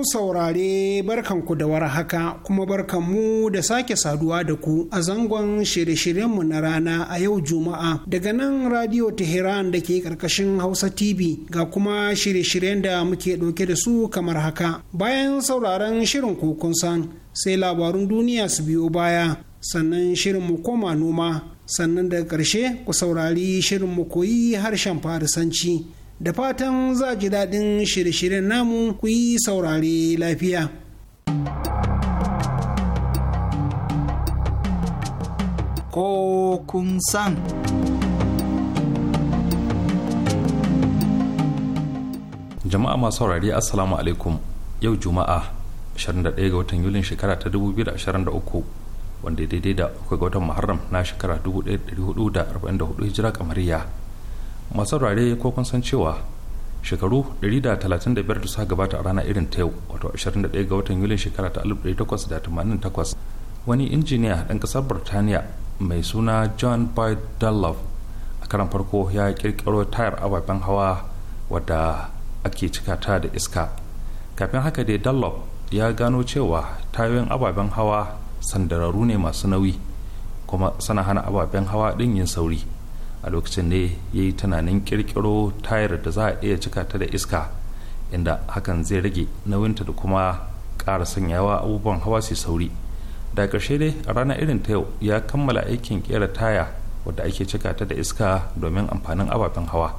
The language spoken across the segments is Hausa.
masu saurare barkanku da war haka kuma barkanmu da sake saduwa da ku a zangon shirye-shiryenmu na rana a yau Juma'a daga nan Radio Tehran da ke karkashin Hausa TV ga kuma shirye-shiryen da muke ɗauke da su kamar haka. Bayan sauraron shirin kokon san sai labarun duniya su biyo baya sannan shirin mu koma noma sannan daga ƙarshe ku saurari shirin mu koyi harshen Farisanci. da fatan za ji daɗin shirye-shiryen namu ku yi saurare lafiya. Ko kun san. Jama'a masu saurari Assalamu alaikum yau Juma'a 21 ga watan Yulin shekara ta 2023. wanda daidai da akwai ga watan muharram na shekara 1444 hijira kamariya masu rare ko kun san cewa shekaru 135 da suka gabata a rana irin ta yau wato 21 ga watan yulin shekara ta 1888 wani injiniya ɗan ƙasar burtaniya mai suna john boyd dunlop a karan farko ya kirkiro tayar ababen hawa wadda ake cika ta da iska kafin haka dai dunlop ya gano cewa tayoyin ababen hawa sandararu ne masu nauyi kuma sana hana ababen hawa din yin sauri a lokacin ne ya yi tunanin kirkiro tayar da za a iya cika ta da iska inda hakan zai rage nauyinta da kuma ƙara sanyawa abubuwan hawa su sauri da ƙarshe dai a ranar irin ta yau ya kammala aikin kera taya wadda ake cika ta da iska domin amfanin ababen hawa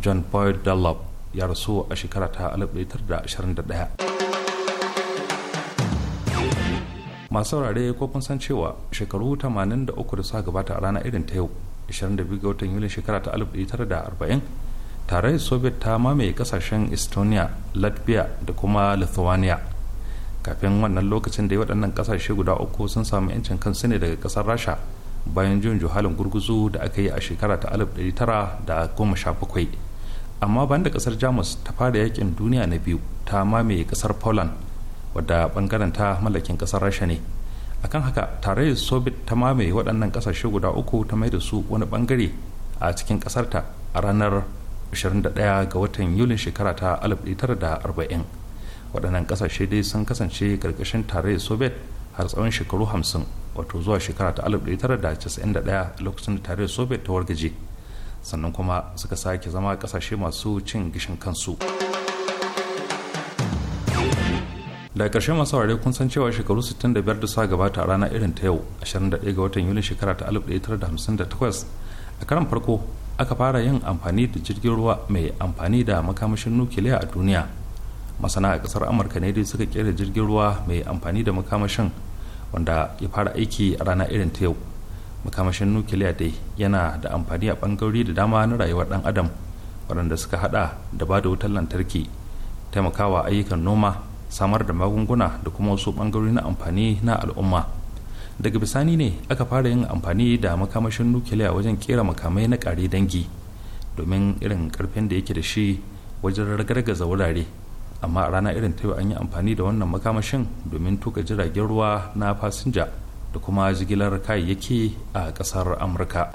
john boyd dunlop ya rasu a shekara ta 1921 masu saurare ko san cewa shekaru 83 da suka gabata a ranar irin ta yau 22 ga watan yulin shekara ta 1940 tarayyar soviet ta mamaye kasashen estonia latvia da kuma lithuania kafin wannan lokacin da waɗannan kasashe guda uku sun samu 'yancin kansu ne daga ƙasar rasha bayan jin juhalin gurguzu da aka yi a shekara ta 1917 amma bayan da ƙasar jamus ta fara yakin duniya na biyu ta mamaye ƙasar poland wadda bangaren ta mallakin ƙasar rasha ne akan haka tare da soviet ta mamaye waɗannan ƙasashe guda uku ta mai da su wani bangare a cikin ƙasarta a ranar 21 ga watan yulin shekara ta 1940 waɗannan ƙasashe dai sun kasance ƙarƙashin tare da soviet har tsawon shekaru 50 wato zuwa shekara ta 1991 lokacin da da soviet ta wargaje sannan kuma suka sake zama ƙasashe masu cin gishin kansu. da ƙarshe masu saurare kun san cewa shekaru 65 da suka gabata a rana irin ta yau 21 ga watan yuli shekara ta 1958 a karan farko aka fara yin amfani da jirgin ruwa mai amfani da makamashin nukiliya a duniya masana a kasar amurka ne dai suka kera jirgin ruwa mai amfani da makamashin wanda ya fara aiki a rana irin ta yau makamashin nukiliya dai yana da amfani a bangarori da dama na rayuwar dan adam waɗanda suka hada da ba da wutar lantarki taimakawa ayyukan noma samar da magunguna da kuma wasu bangarori na amfani na al'umma daga bisani ne aka fara yin amfani da makamashin nukiliya wajen kera makamai na kare dangi domin irin karfin da yake da shi wajen ragargaza wurare amma a rana irin ta an yi amfani da wannan makamashin domin tuka jiragen ruwa na fasinja da kuma jigilar kayayyaki a ƙasar amurka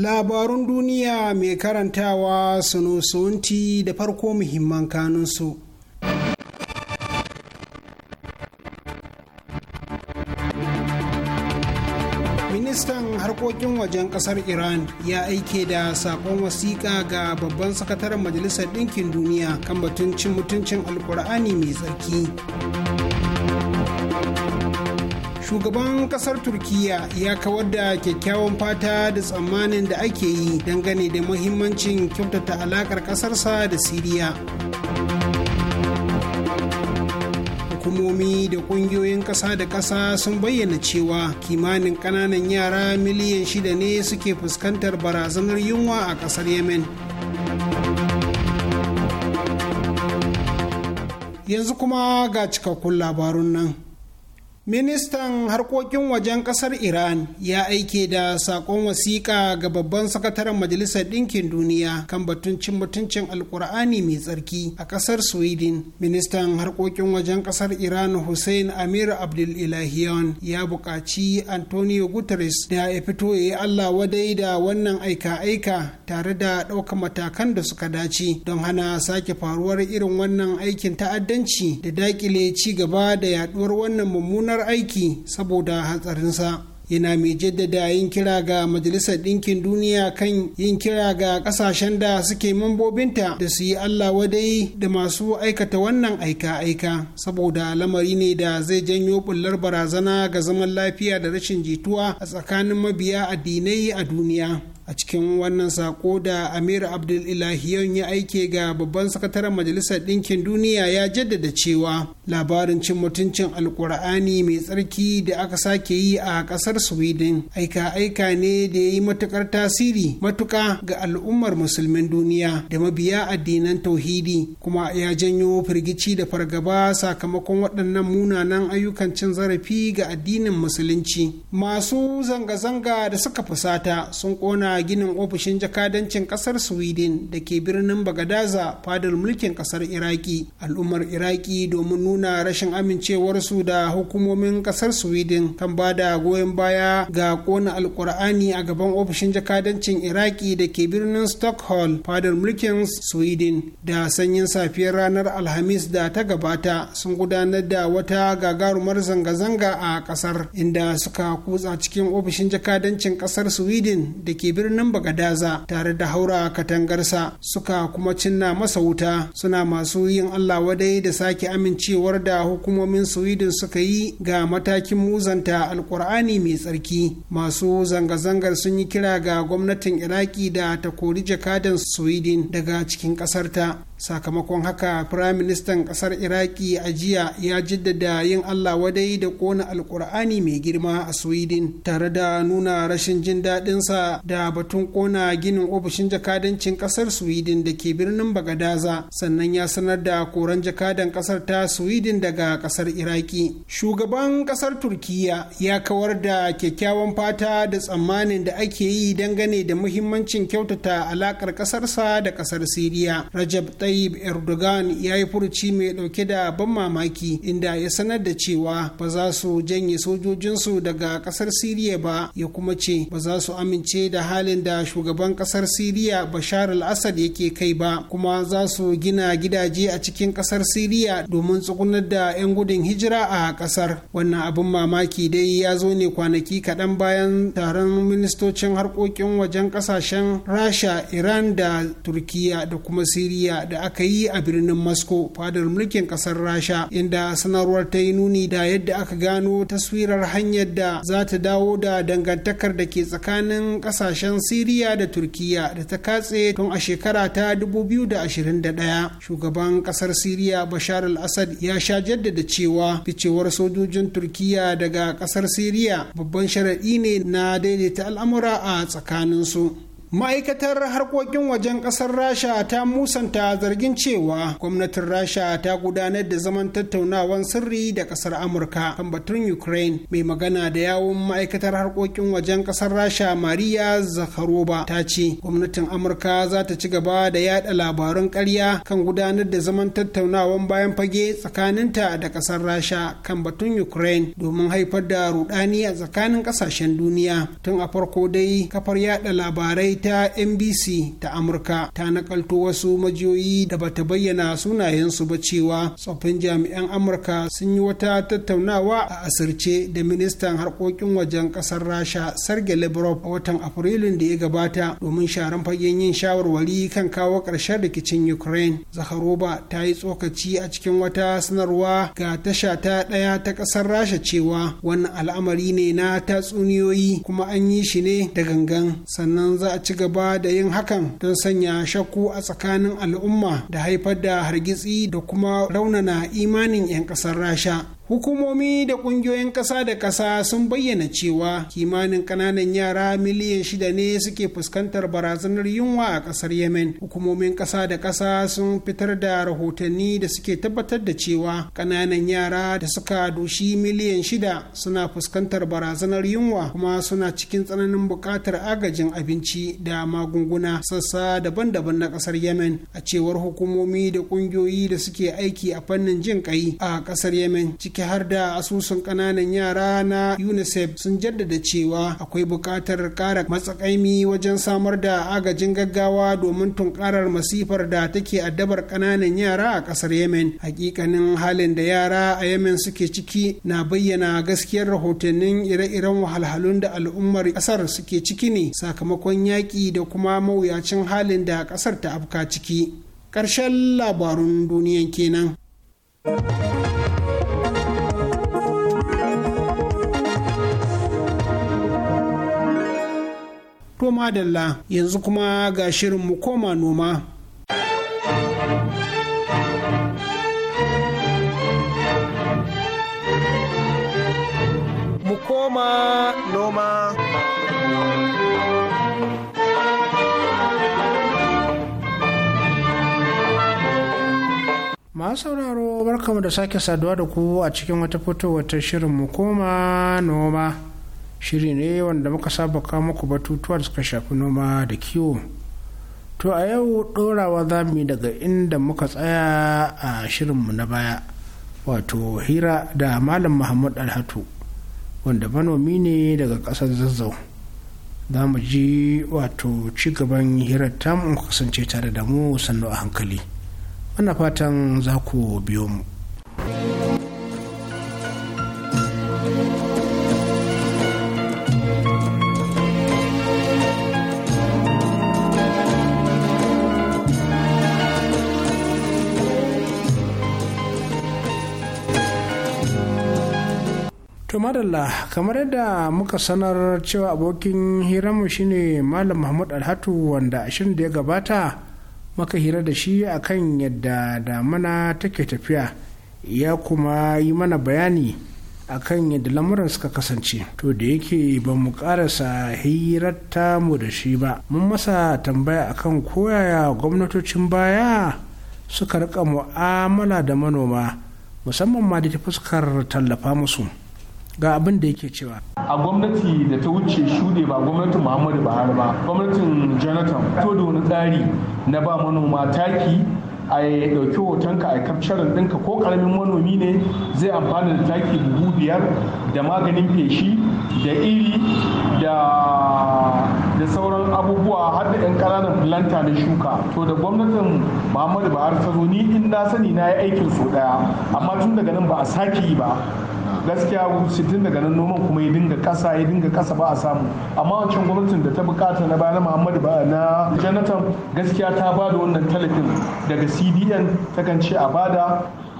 Labarun duniya mai karantawa sunusunti da farko muhimman kanunsu. Ministan harkokin wajen kasar Iran ya aike da sakon wasiƙa ga babban sakataren Majalisar Ɗinkin Duniya kan batun cin mutuncin alkur'ani mai tsarki. shugaban kasar turkiya ya kawar da kyakkyawan fata da tsammanin da ake yi dangane da muhimmancin kyautata alakar kasarsa da siriya hukumomi da kungiyoyin ƙasa da ƙasa sun bayyana cewa kimanin ƙananan yara miliyan shida ne suke fuskantar barazanar yunwa a ƙasar yemen yanzu kuma ga cikakkun labarun nan Ministan harkokin wajen kasar Iran ya aike da sakon wasiƙa ga babban sakataren Majalisar Ɗinkin Duniya kan batun cin mutuncin Alkur'ani mai tsarki a kasar Sweden. Ministan harkokin wajen kasar Iran Hussein Amir Abdul ya buƙaci Antonio Guterres da ya fito ya yi Allah wadai da wannan aika-aika tare da ɗaukar matakan da suka dace don hana sake faruwar irin wannan aikin ta'addanci da daƙile ci gaba da yaɗuwar wannan mummunan mummunar aiki saboda hatsarinsa yana mai jaddada yin kira ga majalisar ɗinkin duniya kan yin kira ga ƙasashen da suke mambobinta da su yi allah wadai da masu aikata wannan aika-aika saboda lamari ne da zai janyo bullar barazana ga zaman lafiya da rashin jituwa a tsakanin mabiya addinai a duniya a cikin wannan sako da amir abdul ilahiyan ya aike ga babban sakataren majalisar ɗinkin duniya ya jaddada cewa labarin cin mutuncin alkur'ani mai tsarki da aka sake yi a ƙasar sweden aika aika ne da ya yi matukar tasiri matuƙa ga al'ummar musulmin duniya da mabiya addinan tauhidi kuma ya janyo firgici da fargaba sakamakon waɗannan munanan ayyukan cin zarafi ga addinin musulunci masu zanga-zanga da suka fusata sun ƙona a ginin ofishin jakadancin kasar sweden da ke birnin bagadaza fadar mulkin kasar iraki al'ummar iraki domin nuna rashin amincewarsu da hukumomin kasar sweden kan ba da goyon baya ga kona alkur'ani a gaban ofishin jakadancin iraki da ke birnin stockholm fadar mulkin sweden da sanyin safiyar ranar alhamis da ta gabata sun gudanar da wata gagarumar zanga-zanga a kasar inda suka kutsa cikin ofishin jakadancin kasar sweden da ke birnin bagadaza tare da haura katangarsa suka kuma cinna masa wuta suna masu yin allah wadai da sake amincewar da hukumomin sweden suka yi ga matakin muzanta alkur'ani mai tsarki masu zanga-zangar sun yi kira ga gwamnatin iraki da ta kori jakadan sweden daga cikin ƙasarta sakamakon haka firaministan kasar iraki a jiya ya jaddada yin allah wadai da kona alkur'ani mai girma a sweden tare da nuna rashin jin daɗinsa da batun kona ginin ofishin jakadancin kasar sweden da ke birnin bagadaza sannan ya sanar da koran jakadan kasar ta sweden daga kasar iraki shugaban kasar turkiya ya kawar da kyakkyawan fata da tsammanin da ake yi dangane da muhimmancin kyautata alakar kasarsa da kasar siriya rajab Tayyip Erdogan ya yi furuci mai dauke da ban mamaki inda ya sanar da cewa ba za su janye sojojinsu daga kasar Siriya ba ya kuma ce ba za su amince da halin da shugaban kasar Siriya Bashar al-Assad yake kai ba kuma za su gina gidaje a cikin kasar Siriya domin tsugunar da 'yan gudun hijira a kasar wannan abin mamaki dai ya zo ne kwanaki kaɗan bayan taron ministocin harkokin wajen kasashen Rasha Iran da Turkiya da kuma Siriya da aka yi a birnin moscow fadar mulkin kasar rasha inda sanarwar ta yi nuni da yadda aka gano taswirar hanyar da za ta dawo da dangantakar da ke tsakanin kasashen siriya da turkiyya da ta katse tun a shekara ta 2021 shugaban kasar siriya bashar al-assad ya sha jaddada cewa ficewar sojojin turkiyya daga kasar siriya babban sharaɗi ne na daidaita al'amura a tsakaninsu ma'aikatar harkokin wajen ƙasar rasha ta musanta zargin cewa gwamnatin rasha ta gudanar da zaman tattaunawan sirri da ƙasar amurka kan batun ukraine mai magana da yawon ma'aikatar harkokin wajen ƙasar rasha maria zakharova ta ce gwamnatin amurka za ta ci gaba da yada labarun karya kan gudanar da zaman tattaunawan bayan fage tsakaninta da ƙasar rasha kan batun ukraine domin haifar da rudani a tsakanin ƙasashen duniya tun a farko dai kafar yada labarai ta NBC ta Amurka ta nakalto wasu majiyoyi da ba ta bayyana sunayensu ba cewa tsoffin jami'an Amurka sun yi wata tattaunawa a asirce da ministan harkokin wajen kasar Rasha Sergei Lavrov a watan Afrilun da ya gabata domin sharan fagen yin shawarwari kan kawo ƙarshen rikicin Ukraine. Zakharova ta yi tsokaci a cikin wata sanarwa ga tasha ta ɗaya ta ƙasar Rasha cewa wannan al'amari ne na tatsuniyoyi kuma an yi shi ne da gangan sannan za a ci ci gaba da yin hakan don sanya shakku a tsakanin al'umma da haifar da hargitsi da kuma raunana imanin 'yan ƙasar rasha hukumomi da kungiyoyin ƙasa da ƙasa sun bayyana cewa kimanin ƙananan yara miliyan shida ne suke fuskantar barazanar yunwa a ƙasar yemen hukumomin ƙasa da ƙasa sun fitar da rahotanni da suke tabbatar da cewa ƙananan yara da suka dushi miliyan shida suna fuskantar barazanar yunwa kuma suna cikin tsananin buƙatar agajin abinci da magunguna sassa daban-daban na ƙasar yemen a cewar hukumomi da kungiyoyi da suke aiki a fannin jin kai a ƙasar yemen cikin ciki har da asusun ƙananan yara na unicef sun jaddada cewa akwai buƙatar ƙara matsakaimi wajen samar da agajin gaggawa domin tunkarar masifar da take addabar ƙananan yara a ƙasar yemen hakikanin halin da yara a yemen suke ciki na bayyana gaskiyar rahotannin ire-iren wahalhalun da al'ummar ƙasar suke ciki ne sakamakon yaƙi da kuma mawuyacin halin da ƙasar ta afka ciki karshen labarun duniyan kenan. To madalla yanzu kuma ga shirin mu koma noma. Mu koma noma. masu sauraro barkamu da sake saduwa da ku a cikin wata fito wata shirin mu koma noma shiri ne wanda muka saba kawo muku batutuwa da suka shafi noma da kiwo to a yau ɗorawa za mu daga inda muka tsaya a shirinmu na baya wato hira da malam muhammad alhatu wanda manomi ne daga ƙasar zazzau za mu ji wato ci gaban hirar tamu kasance tare da mu sannu a hankali muna fatan za ku biyo mu. madalla kamar yadda muka sanar cewa abokin hiranmu shine malam mahmud alhatu wanda ashirin da ya gabata maka hira da shi akan yadda damuna take tafiya ya kuma yi mana bayani akan yadda lamuran suka kasance to da yake ba mu karasa hirarta mu da shi ba mun masa tambaya akan koyaya gwamnatocin baya suka rika mu'amala da manoma musamman ma da ta fuskar tallafa musu ga abin da yake cewa a gwamnati da ta wuce shuɗe ba gwamnatin muhammadu buhari ba gwamnatin jonathan to da wani tsari na ba manoma taki a ɗauki hotonka a kafcarin ɗinka ko ƙaramin manomi ne zai amfana da taki buhu biyar da maganin feshi da iri da da sauran abubuwa har da 'yan ƙananan filanta na shuka to da gwamnatin muhammadu buhari ta zo ni in na sani na yi aikin so ɗaya amma tun daga nan ba a sake yi ba gaskiya sittin daga nan noman kuma ya dinga kasa ya dinga kasa ba a samu amma wancan gwamnatin da ta bukata na bayan muhammadu ba na jonathan gaskiya ta ba da wannan talafin daga cdn ta kan ce a bada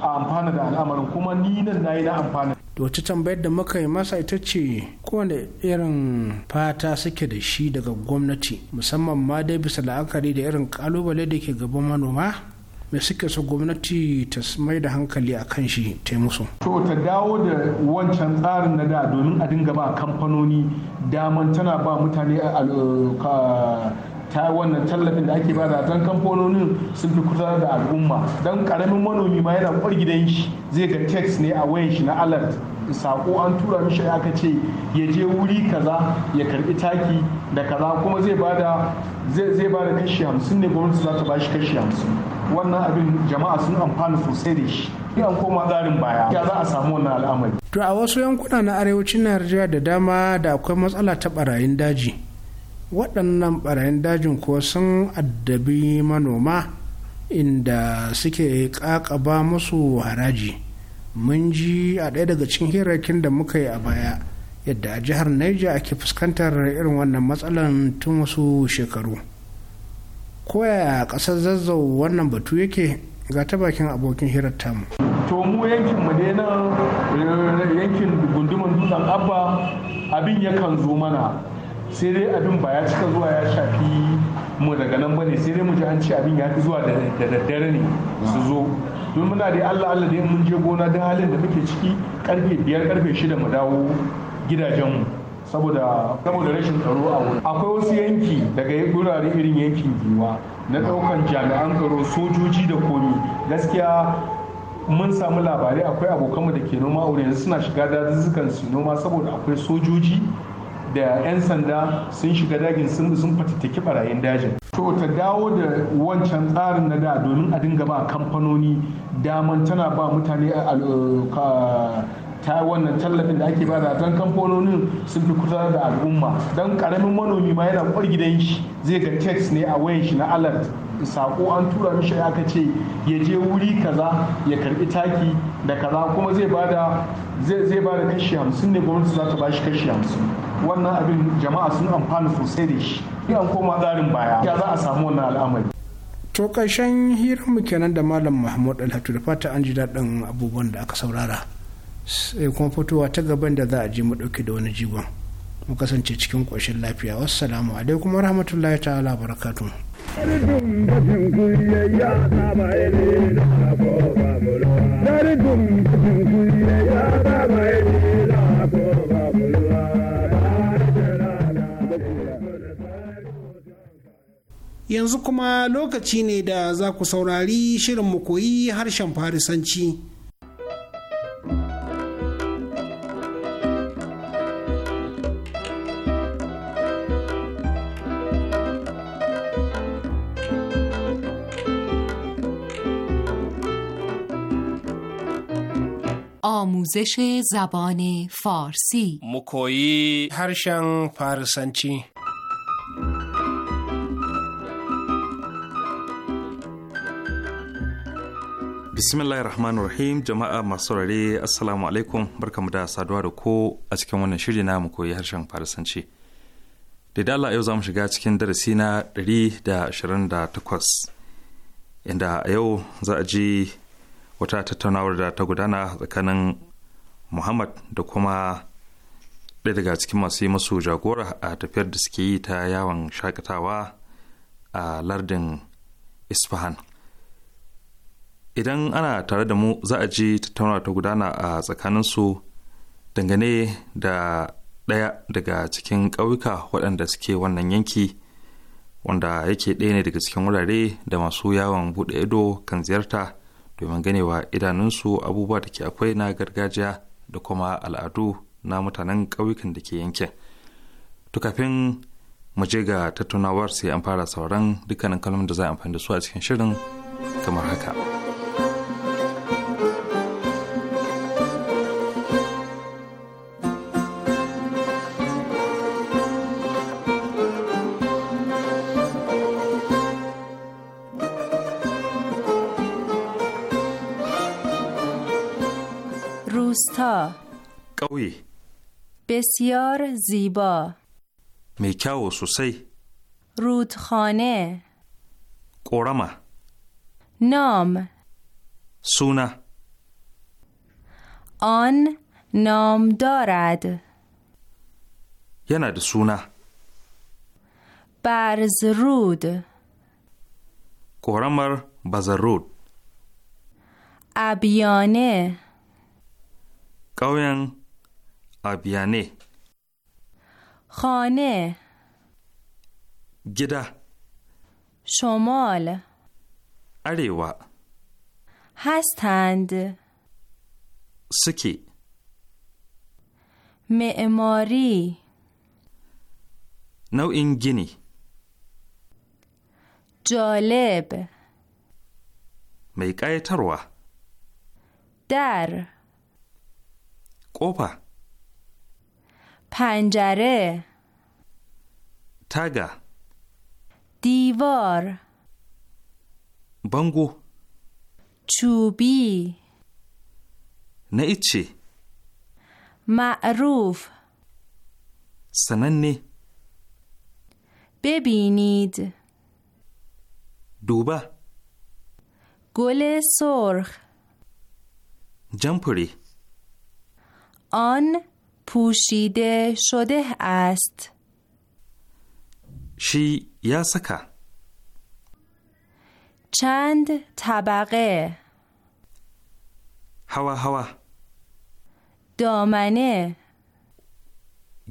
a amfana da al'amarin kuma ni nan na yi na amfana to wacce tambayar da muka yi masa ita ce kowane irin fata suke da shi daga gwamnati musamman ma dai bisa la'akari da irin kalubale da ke gaban manoma me suke so gwamnati ta mai da hankali a kan shi ta musu. to ta dawo da wancan tsarin na da domin a dinga ba kamfanoni daman tana ba mutane ta wannan tallafin da ake bada don kamfanonin sun fi kusa da al'umma don karamin manomi ma yana kwar gidan shi zai ga text ne a wayan shi na alert sako an tura mishi aka ce ya je wuri kaza ya karbi taki da kaza kuma zai bada zai kashi hamsin ne gwamnati za ta bashi kashi hamsin wannan abin jama'a sun amfana sosai da shi in an koma tsarin baya ya za a samu wannan al'amari to a wasu yankuna na arewacin najeriya da dama da akwai matsala ta barayin daji waɗannan barayin dajin ko sun addabi manoma inda suke ƙaƙaba musu haraji mun ji a ɗaya daga cikin hirarrakin da muka yi a baya yadda a jihar Niger ake fuskantar irin wannan matsalan tun wasu shekaru koya a ƙasar zazzau wannan batu yake ga ta bakin abokin hirar tamu. to mu yankin mu ne nan eh, yankin gunduman dutsen abba abin yakan zo mana sai dai abin ba ya cika zuwa ya shafi mu daga nan bane sai dai mu ji an ce abin ya fi zuwa da daddare ne su zo don muna da Allah Allah da mun je gona da halin da muke ciki karfe biyar karfe shida mu dawo gidajenmu saboda saboda rashin tsaro a wurin akwai wasu yanki daga gurare irin yankin giwa na ɗaukan jami'an tsaro sojoji da komi gaskiya mun samu labarai akwai abokanmu da ke noma wurin yanzu suna shiga dazuzzukan su noma saboda akwai sojoji da 'yan sanda sun shiga dagin sun sun fatattaki barayin dajin to ta dawo da wancan tsarin na da domin a dinga ba kamfanoni daman tana ba mutane a ta wannan tallafin da ake bada don kamfanonin sun fi kusa da al'umma don karamin manomi ma yana kwar gidan shi zai ga text ne a wayan shi na alert sako an tura mishi aka ce ya je wuri kaza ya karbi taki da kaza kuma zai bada zai bada kashi hamsin ne gwamnati za ta ba shi kashi hamsin wannan abin jama'a sun amfana sosai da shi an koma tsarin baya ya za a samu wannan al'amari to ƙarshen hirar mu kenan da malam mahmud alhatu da fata an ji daɗin abubuwan da aka saurara sai kuma fitowa ta gaban da za a je mu ɗauki da wani jigon mu kasance cikin ƙoshin lafiya wassalamu alaikum warahmatullahi ta'ala barakatu Yanzu kuma lokaci ne da za ku saurari shirin mu koyi harshen Farisanci. آموزش زبان فارسی مکویی هرشن فارسنچی bismillahir rahmanir rahim jama'a masu saurare assalamu alaikum mu da saduwa da ko a cikin wannan shiri mu koyi harshen farisanci da Allah yau za mu shiga cikin darasi na da 128 inda a yau za a ji wata tattaunawar da ta gudana tsakanin muhammad da kuma ɗaya daga cikin masu yi masu jagora a tafiyar da suke yi ta yawon shakatawa a lardin isfahan idan ana tare da mu za a ji tattauna ta gudana a tsakaninsu dangane da ɗaya daga cikin ƙauyuka waɗanda suke wannan yanki wanda yake ɗaya ne daga cikin wurare da masu yawon buɗe ido kan ziyarta domin ganewa idanunsu abubuwa da ke akwai na gargajiya da kuma al'adu na mutanen ƙauyukan da ke yankin tukafin kafin mu je ga tattaunawar sai an fara sauran dukkanin kalmomin da za a amfani da su a cikin shirin kamar haka. بسیار زیبا میکا و سوسی رودخانه قرمه نام سونه آن نام دارد یه سونه برز رود قرمر رود ابیانه آبیانه خانه گده شمال اریوا هستند سکی معماری نو' جالب میکای تروه در قوبه پنجره تگه دیوار بانگو چوبی نیچی معروف سننی ببینید دوبه گل سرخ جمپری آن پوشیده شده است شی یا چند طبقه هوا هوا دامنه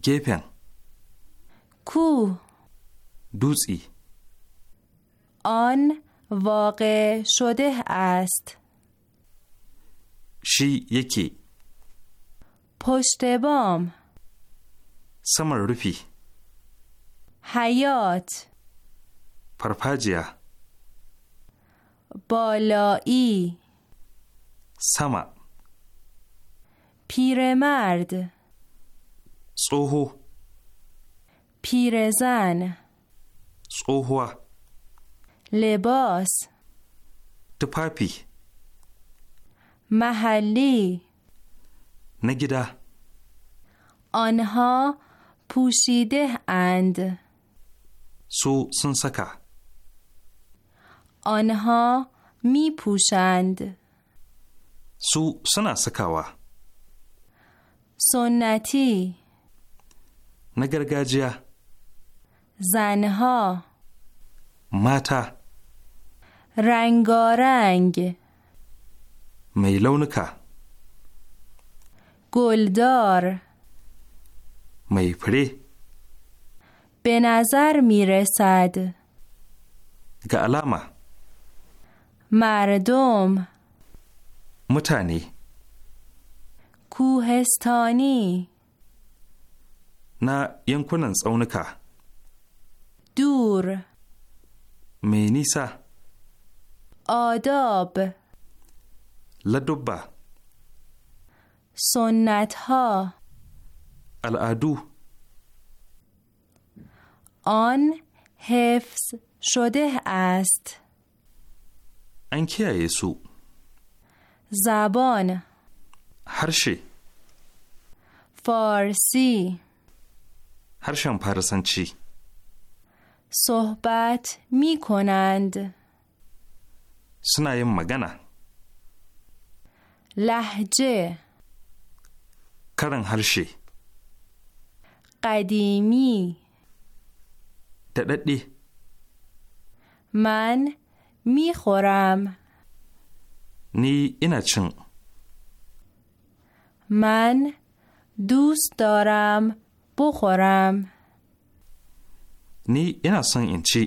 گپن کو دوزی آن واقع شده است شی یکی پشت بام سمر رفی حیات پرپاجیا بالایی سما پیرمرد سوهو، پیرزن سوهو، لباس تپاپی محلی نگیده آنها پوشیده اند سو سنسکه آنها می پوشند سو سنا وا سنتی نگرگاجیا زنها ماتا رنگارنگ میلونکه گلدار میپری به نظر میرسد گالاما مردم متانی کوهستانی نه ینکنن تسونکا دور مینیسا آداب لدبه سنت ها العدو آن حفظ شده است انکی سو زبان هرشی فارسی پرسن چی؟ صحبت می کنند سنایم مگنه لحجه karin harshe. Ƙadimi. daɗaɗe. Man mi khoram. Ni ina cin. Man dustaram bukhoram. Ni ina son in ci.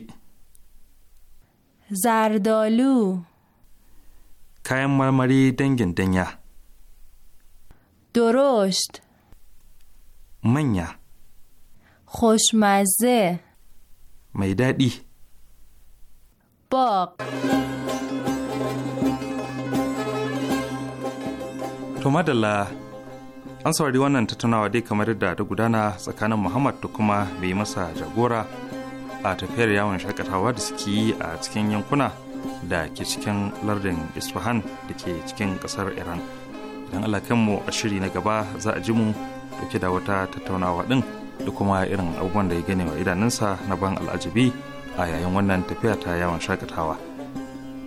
Zardalu. Kayan marmari dangin danya. درشت منیا خوشمزه میدادی باق To madalla an saurari wannan tattaunawa dai kamar yadda ta gudana tsakanin Muhammad da kuma mai masa jagora a tafiyar yawon shakatawa da suke yi a cikin yankuna da ke cikin lardin Isfahan da ke cikin kasar Iran. don mu a shiri na gaba za a ji mu dauke da wata tattaunawa din da kuma irin abubuwan da ya gane wa idanunsa na ban al'ajibi a yayin wannan tafiya ta yawon shakatawa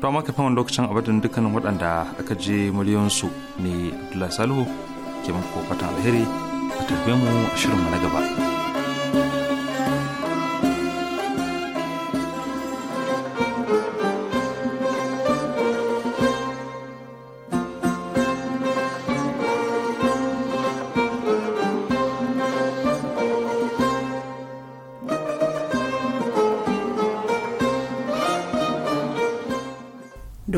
to amma kafin wani lokacin abadin dukkanin waɗanda aka je miliyonsu ne abdullahi salihu ke muku fatan alheri a tarbe mu a mu na gaba.